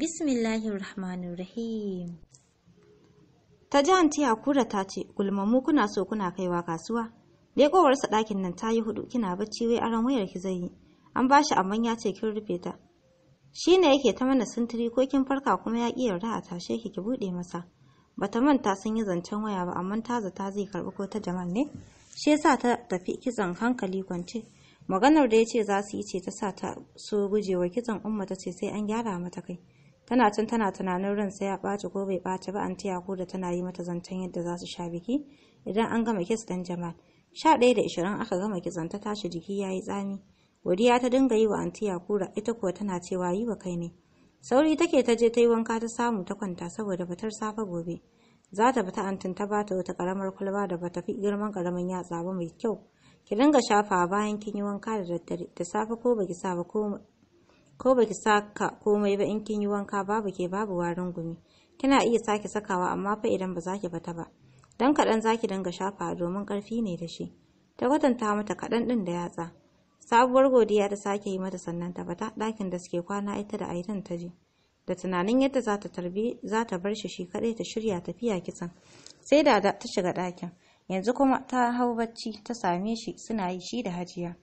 Bismillahirrahmanirrahim. Ta ji hanti kura ta ce, "Gulmammu kuna so kuna kaiwa kasuwa?" Lekowarsa ɗakin nan ta yi hudu kina bacci wai aron wayar ki zai yi. An ba shi amman ya ce kin rufe ta. Shi ne yake ta mana sintiri ko kin farka kuma ya ƙi yarda a tashe ki ki buɗe masa. Bata manta sun yi zancen waya ba amma ta zata zai karɓi ko ta Jamal ne. Shi yasa ta tafi kitson hankali kwance. Maganar da ya ce za su yi ce ta sa ta so gujewa kitson umma ta ce sai an gyara mata kai. tana can tana tunanin ran sai ya ɓaci ko bai ɓaci ba ko da tana yi mata zancen yadda za su sha biki idan an gama kes ɗin jamal sha ɗaya da ishirin aka gama kitson ta tashi jiki ya yi tsami godiya ta dinga yi wa tiya kura ita kuwa tana cewa yi wa kai ne sauri take ta je ta yi wanka ta samu ta kwanta saboda batar safe gobe za ta fita antin ta bata wata karamar kwalba da bata fi girman karamin yatsa ba mai kyau ki dinga shafa bayan kin yi wanka da daddare da safe ko baki sa ba ko ko baki saka komai ba in kin yi wanka babu ke babu warin gumi kina iya sake sakawa amma fa idan ba za ki fita ba dan kaɗan zaki danga shafa domin karfi ne da shi ta kwatanta mata kaɗan ɗin da yatsa sabuwar godiya ta sake yi mata sannan ta fita ɗakin da suke kwana ita da aitan ta je da tunanin yadda za ta tarbi za ta bar shi shi kaɗai ta shirya tafiya kitsan sai da ta shiga ɗakin yanzu kuma ta hau bacci ta same shi suna yi shi da hajiya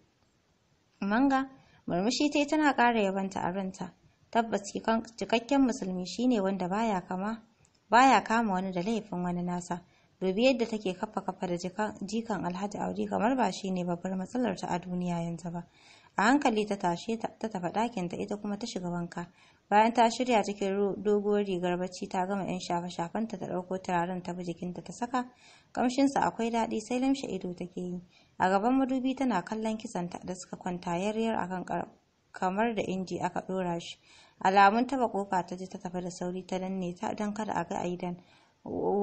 manga murmushi tai tana ƙara yabanta a ranta tabbas cikakken musulmi shine wanda baya kama baya kama wani da laifin wani nasa dubi yadda take kafa kafa da jikan alhaji audi kamar ba shine babbar matsalar ta a duniya yanzu ba a hankali ta tashe ta tafa ɗakin ta ita kuma ta shiga wanka bayan ta shirya cikin doguwar rigar bacci ta gama yan shafe-shafenta ta ɗauko turaren ta bi jikinta ta saka kamshinsa akwai daɗi sai lamshe ido take yi a gaban madubi tana kallon kisanta da suka kwanta yaryar akan kamar da inji aka ɗora shi alamun taba kofa ta ji ta tafi da sauri ta danne ta don kada a ga aidan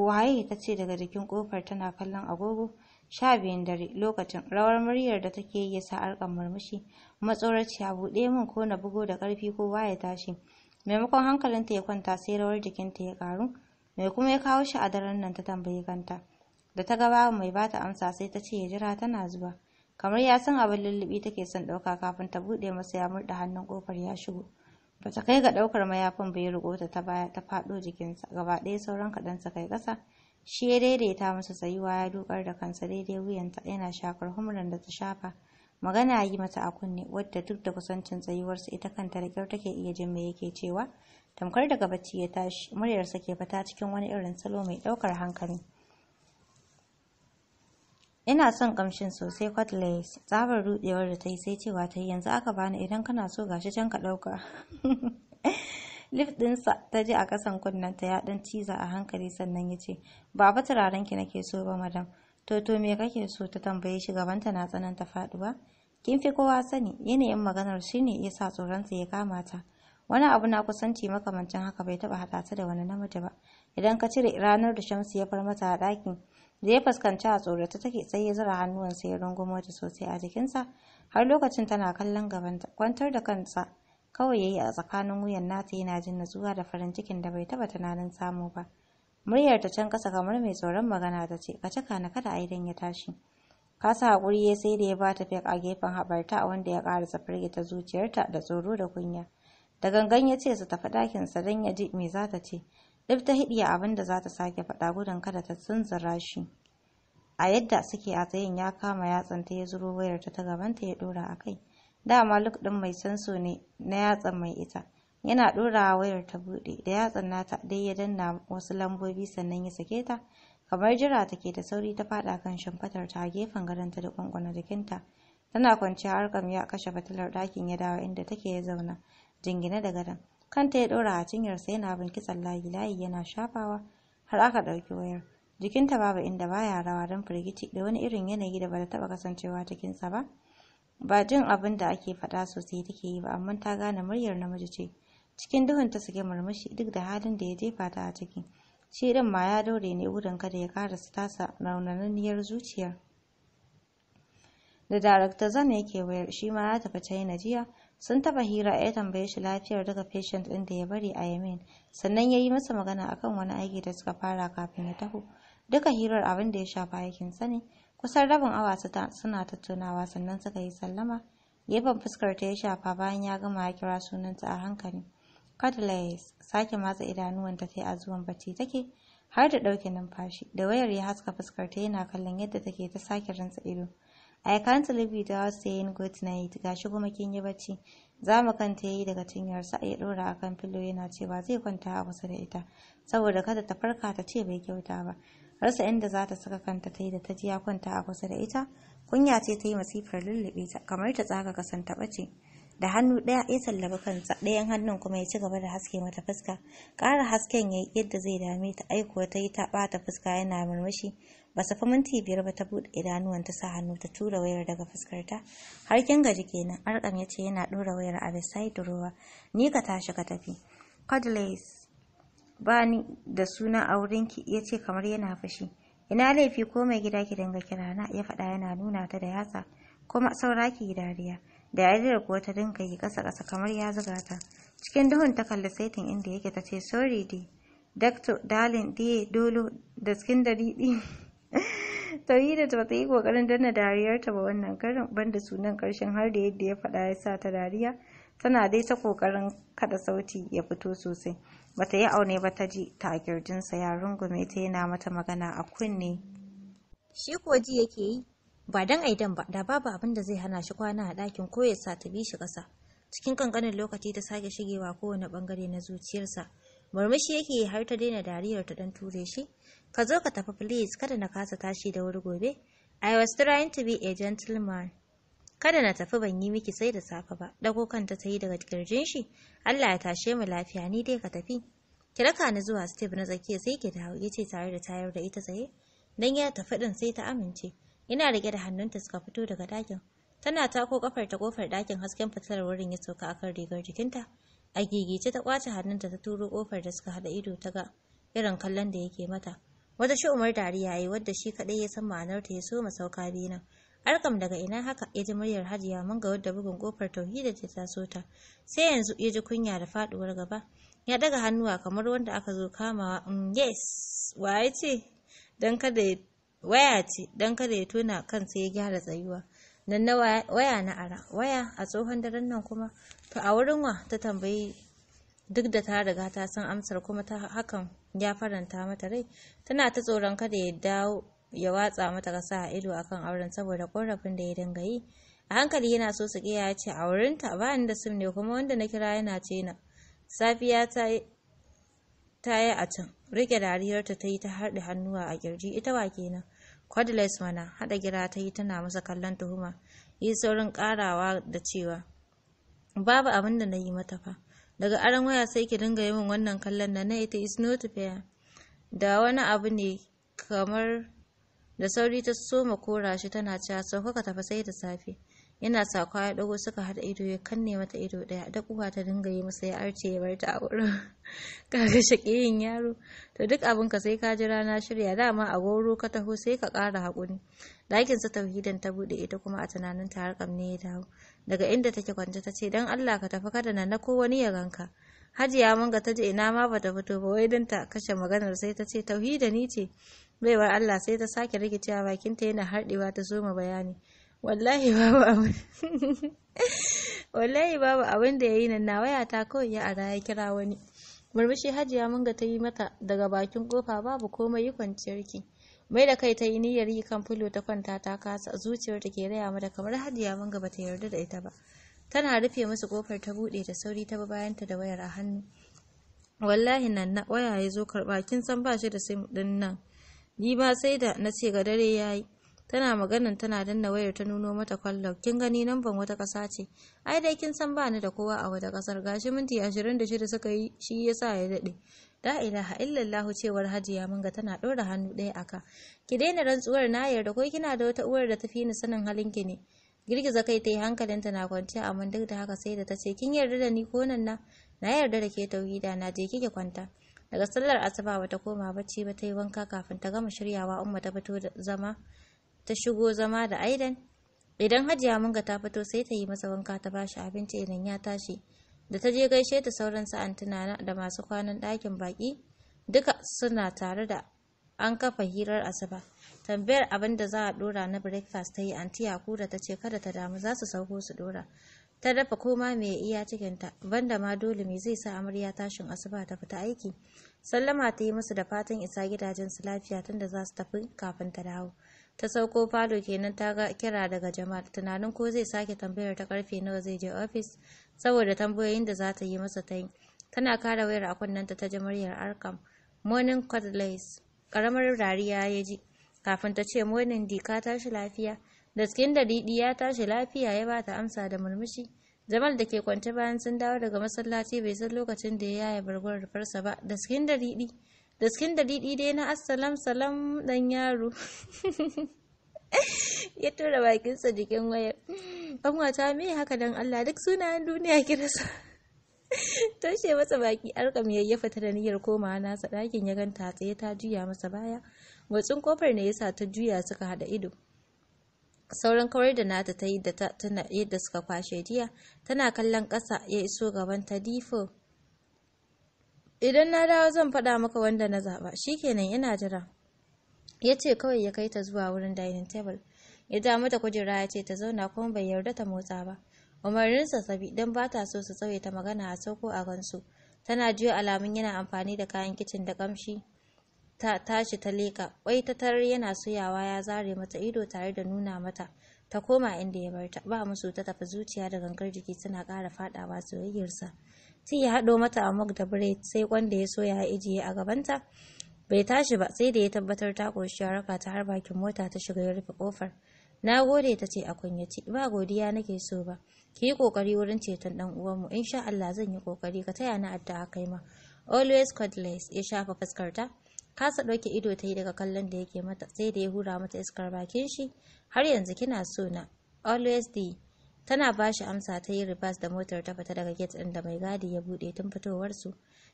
waye ta ce daga jikin kofar tana kallon agogo sha biyun dare lokacin rawar muryar da take yi ya sa arkan murmushi Matsoraci a buɗe min ko na bugo da ƙarfi kowa ya tashi maimakon hankalinta ya kwanta sai rawar jikinta ya ƙaru mai kuma ya kawo shi a daren nan ta tambayi kanta da ta gaba mai ba ta amsa sai ta ce ya jira tana zuwa kamar ya san abin lullubi take son ɗauka kafin ta buɗe masa ya murɗa hannun ƙofar ya shigo ba ta kai ga ɗaukar mayafin bai riƙo ta ta baya ta faɗo jikinsa gaba ɗaya sauran kaɗan kai ƙasa shi ya daidaita masa tsayuwa ya dukar da kansa daidai wuyanta yana shakar humran da ta shafa magana yi mata a kunne wadda duk da kusancin tsayuwarsa ita kanta da kyau take iya jin me yake cewa tamkar daga bacci ya tashi muryarsa ke fita cikin wani irin salo mai daukar hankali ina son kamshin sosai cutlass tsabar rudewar da ta yi sai cewa ta yi yanzu aka bani idan kana so gashi can ka dauka. lif dinsa ta ji a ƙasan kunnenta ya ɗan ciza a hankali sannan ya ce ba ba turaren ki nake so ba madam to to me kake so ta tambaye shi gabanta na tsananta faɗuwa kin fi kowa sani yanayin maganar shine ya sa tsoronsa ya kama ta wani abu na kusanci makamancin haka bai taɓa haɗa ta da wani namiji ba idan ka cire ranar da shamsu ya far mata a ɗakin da ya fuskanci a tsorata take tsaye ya zura hannuwansa ya rungumo ta sosai a jikinsa har lokacin tana kallon gabanta kwantar da kansa kawai ya yi a tsakanin wuyan nata yana jin natsuwa da farin cikin da bai taba tunanin samu ba muryar ta can kasa kamar mai tsoron magana ta ce ka cika na kada aidan ya tashi Ka sa hakuri ya sai da ya ba ta fek a gefen haɓarta a wanda ya ƙarasa firgita zuciyarta da tsoro da kunya da gangan ya ce su tafi sa don ya ji me za ta ce duk ta hidiya abin da za ta sake faɗa gudun kada ta tsinzira shi a yadda suke a tsayin ya kama yatsan ta ya zuro wayar ta ta gabanta ya ɗora a kai dama luk ɗin mai sanso ne na yatsan mai ita yana ɗorawa wayar ta buɗe da yatsan nata dai ya danna wasu lambobi sannan ya sake ta kamar jira take da sauri ta faɗa kan shimfatar ta gefen gadonta da kwankwana jikinta tana kwanciya harkam ya kashe fitilar ɗakin ya dawo inda take ya zauna jingine da gadon kanta ya ɗora a cinyarsa yana bin kitsan layi layi yana shafawa har aka ɗauki wayar jikinta babu inda baya rawa don firgici da wani irin yanayi da bata taɓa kasancewa cikinsa ba ba jin abin da ake faɗa sosai take yi ba amma ta gane muryar namiji ce cikin duhun ta sake murmushi duk da halin da ya jefa ta a ciki shi ɗin ma ya daure ne wurin kada ya karasa tasa raunananniyar zuciyar da darakta zan yake wayar shi ma ya tafi china jiya sun taɓa hira ya tambaye shi lafiyar daga patient ɗin da ya bari a yamin sannan ya yi masa magana akan wani aiki da suka fara kafin ya taho duka hirar abin da ya shafa aikin sani ne kusan rabin awa suna tattaunawa sannan suka yi sallama gefen fuskar ta ya shafa bayan ya gama ya kira sunanta a hankali Cadillacs sake matsa idanuwanta ta a zuwan bacci take har da ɗauke numfashi da wayar ya haska fuskar ta yana kallon yadda take ta sake rantsa ido I can't live without saying good night gashi kuma kin yi bacci mu kanta yayi daga cinyarsa ya dora kan filo yana cewa zai kwanta a kusa da ita saboda kada ta farka ta ce bai kyauta ba rasa inda za ta saka kanta ta yi da ta ji ya kwanta a kusa da ita kunya ce ta yi masifar lullube ta kamar ta tsaga kasan taɓa ce da hannu ɗaya ya sallaba kansa ɗayan hannun kuma ya ci gaba da haske mata fuska ƙara hasken ya yi yadda zai dame ta aiko ta yi ta ɓata fuska yana murmushi ba su fi minti biyar ba ta buɗe idanuwan ta sa hannu ta tura wayar daga fuskarta har kin gaji kenan arkam ya ce yana ɗora wayar a bisai ruwa ni ka tashi ka tafi Codlace bani da suna a wurinki ya ce kamar yana fashi ina laifi ko mai gida ki dinga kirana ya faɗa yana nuna ta da yatsa kuma saura ki dariya da yariyar kuwa ta dinga yi kasa-kasa kamar ya zuga ta cikin duhun ta kalli saitin inda yake ta ce sorry dai dakto dalin diye dolo da cikin daridi tauhida ta bata yi kokarin danna dariyarta ba wannan karin banda sunan karshen har da yadda ya faɗa ya sa ta dariya tana dai ta kokarin kada sauti ya fito sosai bata yi aune ba ta ji ta a kirjinsa ya rungume ta yana mata magana a kunne shi ko ji yake yi ba dan aidan ba da babu abin da zai hana shi kwana a ɗakin ko ya sa ta bi shi ƙasa cikin kankanin lokaci ta sake shigewa kowane ɓangare na zuciyarsa murmushi yake har ta daina dariyar ta dan ture shi ka zo ka tafi please kada na kasa tashi da wuri gobe i was trying to be a gentleman kada na tafi ban yi miki sai da safe ba dago kanta ta yi daga kirjin shi Allah ya tashe mu lafiya ni dai ka tafi ki raka ni zuwa step na tsakiya sai ki dawo yace tare da tayar da ita tsaye dan ya tafi din sai ta amince ina rike da hannunta suka fito daga dakin tana tako kafar ta kofar dakin hasken fitilar wurin ya sauka akan rigar jikinta a gigice ta kwace hannunta ta turo kofar da suka hada ido ta ga irin kallon da yake mata wata shi umar dariya yayi wadda shi kadai ya san ma'anar ta ya so masauka biyu nan arkam daga ina haka ya ji muryar hajiya mun ga wadda bugun kofar tauhida ta taso ta sai yanzu ya ji kunya da faduwar gaba ya daga hannuwa kamar wanda aka zo kamawa mm, yes waye ce dan kada ya waya ce dan kada ya tona kansa ya gyara tsayuwa nan na waya na ara waya a tsohon daren nan kuma to a wurin wa ta tambayi duk da ta riga ta san amsar kuma ta hakan ya faranta mata rai tana ta tsoron kada ya dawo ya watsa mata kasa a ido akan auren saboda korafin da ya dinga yi a hankali yana so su ya ce a wurinta ba ni da sim ne kuma wanda na kira yana ce na safiya ta yi a can rike dariyarta ta yi ta harɗe hannuwa a kirji ita wa kenan Cordless mana haɗa gira ta yi tana masa kallon tuhuma, yi saurin ƙarawa da cewa, Babu abin da na yi mata fa, daga aron waya sai ki dinga yi min wannan kallon da na ita is not fair. Da wani abu ne kamar da sauri ta soma kora shi tana cewa sauka ka tafi sai da safe yana sakwa ya dago suka haɗa ido ya kanne mata ido daya da uwa ta dinga yi masa ya arce ya bar ta a wurin kaga shakiyin yaro to duk abin ka sai ka ji rana shirya dama a goro ka taho sai ka kara haƙuri ɗakin sa tauhidan ta buɗe ita kuma a tunanin ta harkam ne ya dawo daga inda take kwance ta ce dan Allah ka tafi kada na ko wani ya ganka hajiya manga ta je ina ma bata fito ba wai dan ta kashe maganar sai ta ce tauhida ni ce baiwar Allah sai ta sake rikicewa bakinta yana harɗewa ta zoma bayani wallahi babu abin wallahi babu abin da yayi nan na waya ta kawai ya ara ya kira wani murmushi hajiya munga ta yi mata daga bakin kofa babu komai yi kwanciyar ki mai da kai ta yi niyyar yi kan fulo ta kwanta ta kasa zuciyar ta ke raya mata kamar hajiya munga bata yarda da ita ba tana rufe musu kofar ta bude da sauri ta bayanta da wayar a hannu wallahi nan na waya ya zo karba kin san ba shi da sim din nan ni ma sai da na ce ga dare ya yi tana maganan tana danna wayar ta nuno mata kwallo. kin gani ban wata kasa ce ai dai kin san bani da kowa a wata kasar gashi minti ashirin da shida suka yi shi yasa ya daɗe ila ilaha illallah cewar hajiya manga tana ɗora hannu ɗaya aka ki daina rantsuwar na yarda ko kina da wata uwar da tafi ni sanin halin ki ne girgiza kai ta hankalin ta na kwanciya amma duk da haka sai da ta ce kin yarda da ni ko nan na na yarda da ke tauhida na je kike kwanta daga sallar asuba bata koma bacci ba ta yi wanka kafin ta gama shiryawa umma ta fito zama ta shigo zama da aidan idan hajiya munga ta fito sai ta yi masa wanka ta bashi abinci idan ya tashi da ta je gaishe ta sauran sa'an tuna da masu kwanan ɗakin baƙi duka suna tare da an kafa hirar asuba tambayar abin da za a dora na breakfast tayi yi anti yakura ta ce kada ta damu za su sauko su dora ta dafa koma mai iya cikinta banda ma dole mai zai sa amarya tashin asuba ta fita aiki sallama ta yi musu da fatan isa gidajensu lafiya tunda za su tafi kafin ta dawo ta sauko falo kenan ta ga kira daga jama'a tunanin ko zai sake tambayar ta karfe nawa zai je ofis saboda tambayoyin da za ta yi masa ta yi tana kara wayar a kunnen ta ji muryar arkam Monin cordless karamar rariya ya ji kafin ta ce monin di ka tashi lafiya da cikin ya tashi lafiya ya bata amsa da murmushi jamal da ke kwance bayan sun dawo daga masallaci bai san lokacin da ya yaya bargon rufarsa ba da cikin da cikin dalili dai na assalam salam dan yaro ya tura bakinsa jikin wayar ƙanwata me haka dan allah duk sunayen duniya kirasa toshe masa baki arkam ya yayyafa ta da niyyar koma nasa ɗakin ya ganta tsaye ta juya masa baya motsin kofar ne yasa ta juya suka hada ido sauran kawar da nata ta yi da ta yadda suka kwashe jiya tana kallon ƙasa ya iso gaban ta difo idan na dawo zan faɗa maka wanda na zaɓa shikenan ina jira ya ce kawai ya kai ta zuwa wurin dining table ya ja mata kujera ya ce ta zauna kuma bai yarda ta motsa ba umarninsa sabi don ba ta so su tsawaita magana a sauko a gansu tana jiyo alamun yana amfani da kayan kicin da kamshi ta tashi ta leƙa ƙwai ta tarar yana suyawa ya zare mata ido tare da nuna mata ta koma inda ya bar ta ba musu ta tafi zuciya da gangar jiki suna ƙara faɗawa soyayyarsa sai ya haɗo mata a mug da biret sai kwanda ya soya ya ijiye a gabanta bai tashi ba sai da ya tabbatar ta ƙoshi ya ta har bakin mota ta shiga ya rufe ƙofar na gode ta ce a kunyaci ba godiya nake so ba ki yi ƙoƙari wurin ceton ɗan uwanmu insha Allah zan yi ƙoƙari ka taya ni addu'a kai ma always cordless ya shafa fuskarta kasa ɗauke ido ta yi daga kallon da yake mata sai da ya hura mata iskar bakin shi har yanzu kina so na always the tana ba shi amsa ta yi ribas da motar ta fita daga gate ɗin da mai gadi ya buɗe tun fitowar su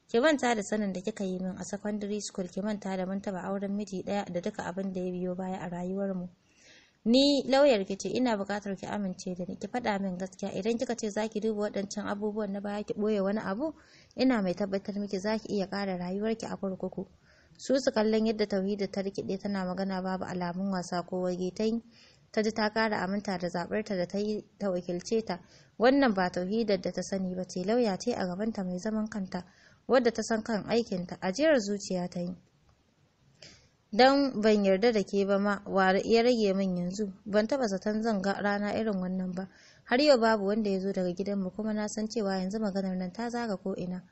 ki manta da sanin da kika yi min a secondary school ki manta da mun taba auren miji ɗaya da duka abin da ya biyo baya a rayuwar mu ni lauyar ki ce ina buƙatar ki amince da ni ki faɗa min gaskiya idan kika ce zaki duba waɗancan abubuwan na baya ki ɓoye wani abu ina mai tabbatar miki zaki iya ƙara rayuwarki a kurkuku su su kallon yadda tauhida ta rikide tana magana babu alamun wasa ko wage ta yi ta ji ta kara aminta da zabarta da ta yi ta wakilce ta wannan ba tauhidar da ta sani ba ce lauya ce a gabanta mai zaman kanta wadda ta san kan aikinta ajiyar zuciya ta yi don ban yarda da ke ba ma ware ya rage min yanzu ban taba zaton zan ga rana irin wannan ba har yau babu wanda ya zo daga gidanmu kuma na san cewa yanzu maganar nan ta zaga ko ina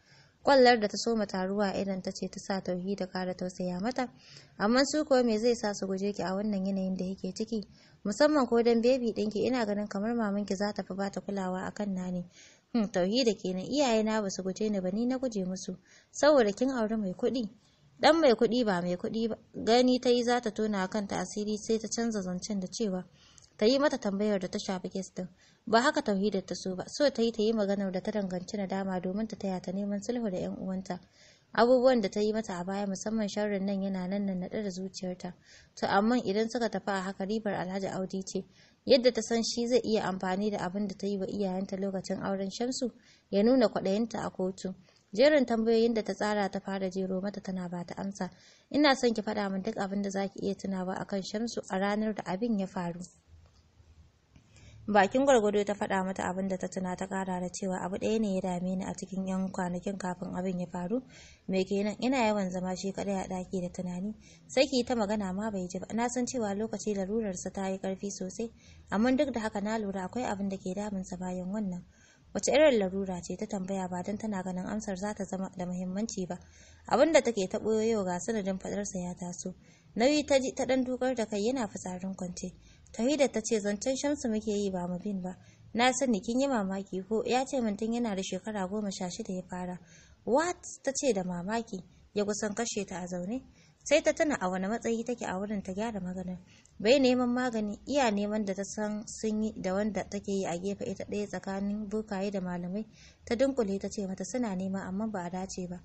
kwallar da ta soma taruwa idan ta ce ta sa tauhida kara tausaya mata amma su kuwa me zai sa su guje ki a wannan yanayin da yake ciki musamman ko dan bebi ɗinki ina ganin kamar mamanki za ta fi ba ta kulawa kan nani hmm, tauhida kenan iyayena ba su guje ni ba ni na guje musu saboda kin auri mai kuɗi dan mai kuɗi ba mai kuɗi ba gani ta yi za ta tona kanta asiri sai ta canza zancen da cewa ta yi mata tambayar da ta shafi kes din ba haka tauhidar ta so ba so ta yi ta yi maganar da ta danganci nadama domin ta taya ta neman sulhu da yan uwanta abubuwan da ta yi mata a baya musamman sharrin nan yana nan nan naɗe da zuciyarta to amma idan suka tafi a haka ribar alhaji audi ce yadda ta san shi zai iya amfani da abin da ta yi wa iyayenta lokacin auren shamsu ya nuna kwaɗayinta a kotu jerin tambayoyin da ta tsara ta fara jero mata tana ba ta amsa ina son ki faɗa min duk abin da zaki iya tunawa akan shamsu a ranar da abin ya faru bakin gwargwado ta faɗa mata abin da ta tuna ta ƙara da cewa abu ɗaya ne ya dame ni a cikin yan kwanakin kafin abin ya faru mai kenan ina yawan zama shi kaɗai a ɗaki da tunani saki ta magana ma bai ji ba na san cewa lokaci larurarsa ta yi ƙarfi sosai amma duk da haka na lura akwai abin da ke damunsa bayan wannan wace irin larura ce ta tambaya ba don tana ganin amsar za ta zama da muhimmanci ba abin da take ta ɓoyo yau ga sanadin faɗarsa ya taso nauyi ta ji ta ɗan dukar da kai yana fitsarin kwance Tawida ta ce zancen Shamsu muke yi ba mu bin ba. Na sani kin yi mamaki ko ya ce min tun yana da shekara goma sha shida ya fara. What ta ce da mamaki ya kusan kashe ta a zaune. Sai ta tuna a wani matsayi take a wurin ta gyara magana Bai neman magani iya neman da ta san sun yi da wanda take yi a gefe ita ɗaya tsakanin bukaye da malamai. Ta dunkule ta ce mata suna nema amma ba a dace ba.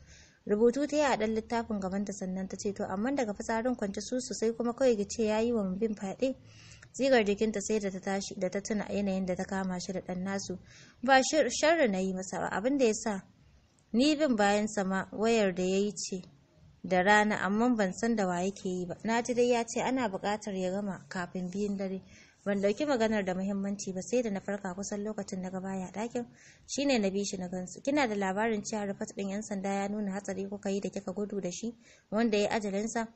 rubutu ta yi a ɗan littafin gabanta sannan ta ce to amma daga fitsarin kwance su sosai kuma kawai ga ce ya yi wa bin fyaɗe Zigar jikinta sai da ta tashi da ta tuna yanayin da ta kama shi da ɗan nasu. Ba sharri na yi masa ba abin da ya sa ni bin bayan sama wayar da ya yi ce da rana amma ban san da wa yake yi ba. Na ji dai ya ce ana buƙatar ya gama kafin biyun dare. Ban ɗauki maganar da muhimmanci ba sai da na farka kusan lokacin na gaba ya ɗakin shine na bi shi na gansu. Kina da labarin cewa rufat ɗin 'yan sanda ya nuna hatsari kuka yi da kika gudu da shi wanda ya ajalinsa.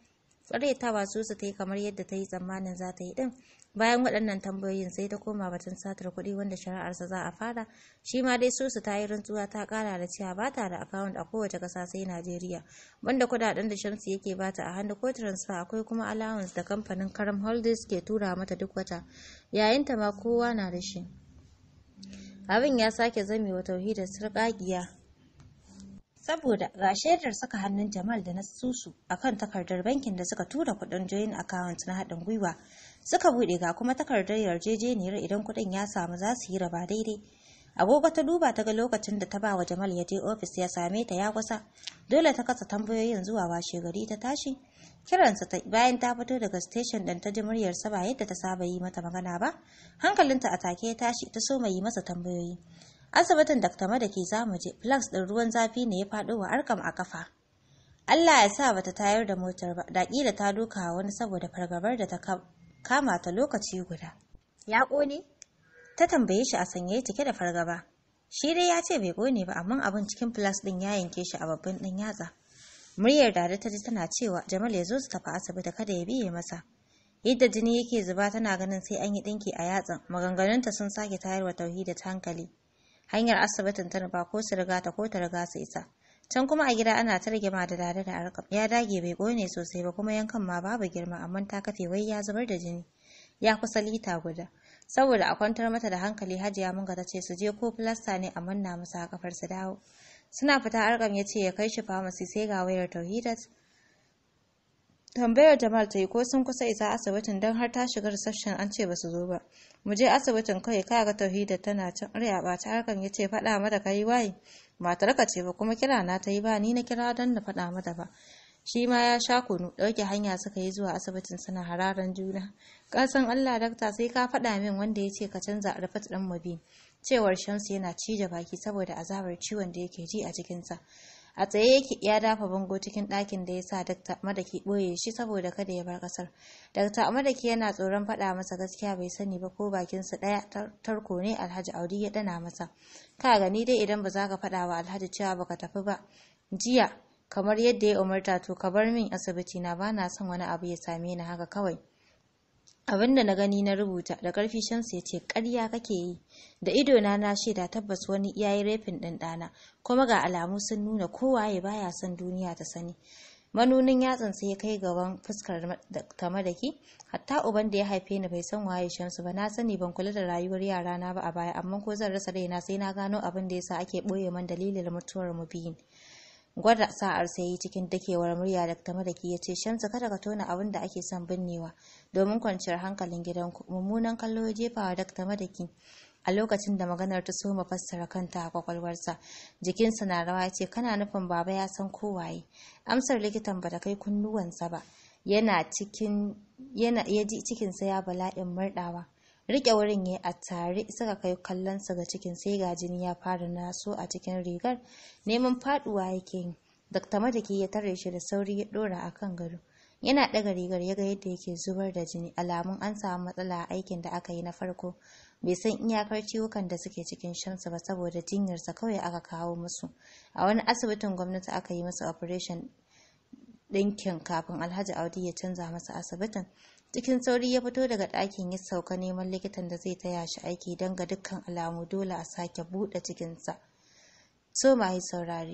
Tsaraitawa su su ta yi kamar yadda ta yi tsammanin za ta yi din bayan waɗannan tambayoyin sai ta koma batun satar kuɗi wanda shari'arsa za a fara shi ma dai susu ta yi rantsuwa ta ƙara da cewa ba ta da akawunt a kowace ƙasa sai najeriya Wanda kuɗaɗen da shamsu yake bata a hannu ko transfer akwai kuma allowance da kamfanin karam holdings ke tura mata duk wata yayin ta ma kowa na da shi abin ya sake zamewa tauhidar sarƙaƙiya saboda ga shaidar saka hannun Jamal da na susu akan takardar bankin da suka tura kuɗin join account na haɗin gwiwa suka buɗe ga kuma takardar yarjejeniyar idan kuɗin ya samu za su yi raba daidai agogo ta duba ta ga lokacin da ta ba wa Jamal ya je ofis ya same ta ya kusa dole ta kasa tambayoyin zuwa washe gari ta tashi kiransa ta bayan ta fito daga station ɗin ta ji muryarsa ba yadda ta saba yi mata magana ba hankalinta a take ya tashi ta so mai yi masa tambayoyi asibitin Dr. Madaki za mu je flax ɗin ruwan zafi ne ya faɗo wa arkam a kafa Allah ya sa bata tayar da motar ba da ta duka wani saboda fargabar da ta kama ta lokaci guda ya ƙone ta tambaye shi a sanye cike da fargaba shi dai ya ce bai ƙone ba amma abin cikin flax ɗin ya yanke shi a babban ɗin yatsa muryar dada ta ji tana cewa jamal ya zo su tafi asibiti kada ya biye masa yadda jini yake zuba tana ganin sai an yi ɗinki a yatsan maganganunta sun sake tayarwa tauhidi ta hankali hanyar asibitin ta nufa ko su riga ta ko ta riga su isa can kuma a gida ana ta rigima da dada da arkam ya dage bai ƙone sosai ba kuma yankan ma babu girma amma ta kafe wai ya zubar da jini ya kusa lita guda saboda a kwantar mata da hankali hajiya munga ta ce su je ko filasta ne amma na musu a kafar su dawo suna fita arkam ya ce ya kai shi famasi sai ga wayar tauhidat tambayar jamal ta yi ko sun kusa isa asibitin don har ta shiga reception an ce ba su zo ba mu je asibitin kawai ga tauhida tana can arya ta harkan ya ce faɗa mata ka yi waye matar ka ce ba kuma kira na ta yi ba ni na kira don na faɗa mata ba shi ma ya sha kunu ɗauke hanya suka yi zuwa asibitin suna hararan juna ƙasan allah dakta sai ka faɗa min wanda ya ce ka canza rufat ɗan mabi cewar shamsu yana cije baki saboda azabar ciwon da yake ji a jikinsa a tsaye yake ya dafa bango cikin ɗakin da ya sa dakta madaki ɓoye shi saboda kada ya bar ƙasar dakta madaki yana tsoron faɗa masa gaskiya bai sani ba ko bakin bakinsa ɗaya tarko ne alhaji audi ya ɗana masa ka gani dai idan ba za ka faɗa wa alhaji cewa ba ka tafi ba jiya kamar yadda ya umarta to ka bar min asibiti na ba na son wani abu ya same ni haka kawai abin da na gani na rubuta da karfi shamsu ya ce ƙarya kake yi da idona na shaida tabbas wani ya yi rafin ɗin ɗana kuma ga alamu sun nuna kowaye baya son duniya ta sani manunin yatsan sai ya kai gaban fuskar ta madaki hatta uban da ya haife ni bai san waye shamsu ba na sani ban kula da rayuwar yara na ba a baya amma ko zan rasa raina sai na gano abin da yasa ake ɓoye man dalilin mutuwar mu biyun gwada sa'ar sai yi cikin dakewar murya da madaki ya ce shamsu kada ka tona abin da ake son binnewa domin kwanciyar hankalin gidanku mummunan kallo ya jefa wa dakta madaki a lokacin da maganar ta soma fassara kanta a kwakwalwarsa jikinsa na rawa ya ce kana nufin baba ya san kowaye amsar likitan ba ta kai kunnuwansa ba yana cikin yana ya cikinsa ya bala'in murɗawa rike wurin ya a tare suka kai kallon su ga cikin sai ga jini ya fara naso a cikin rigar neman faduwa yake yi Dr. Madaki ya tare shi da sauri ya dora kan gado yana ɗaga rigar ya ga yadda yake zubar da jini alamun an samu matsala a aikin da aka yi na farko bai san iyakar ciwukan da suke cikin shansa ba saboda jinyarsa kawai aka kawo musu a wani asibitin gwamnati aka yi masa operation ɗinkin kafin alhaji audi ya canza masa asibitin cikin sauri ya fito daga ɗakin ya sauka neman likitan da zai taya shi aiki don ga dukkan alamu dole a sake buɗe cikinsa so ma yi saurari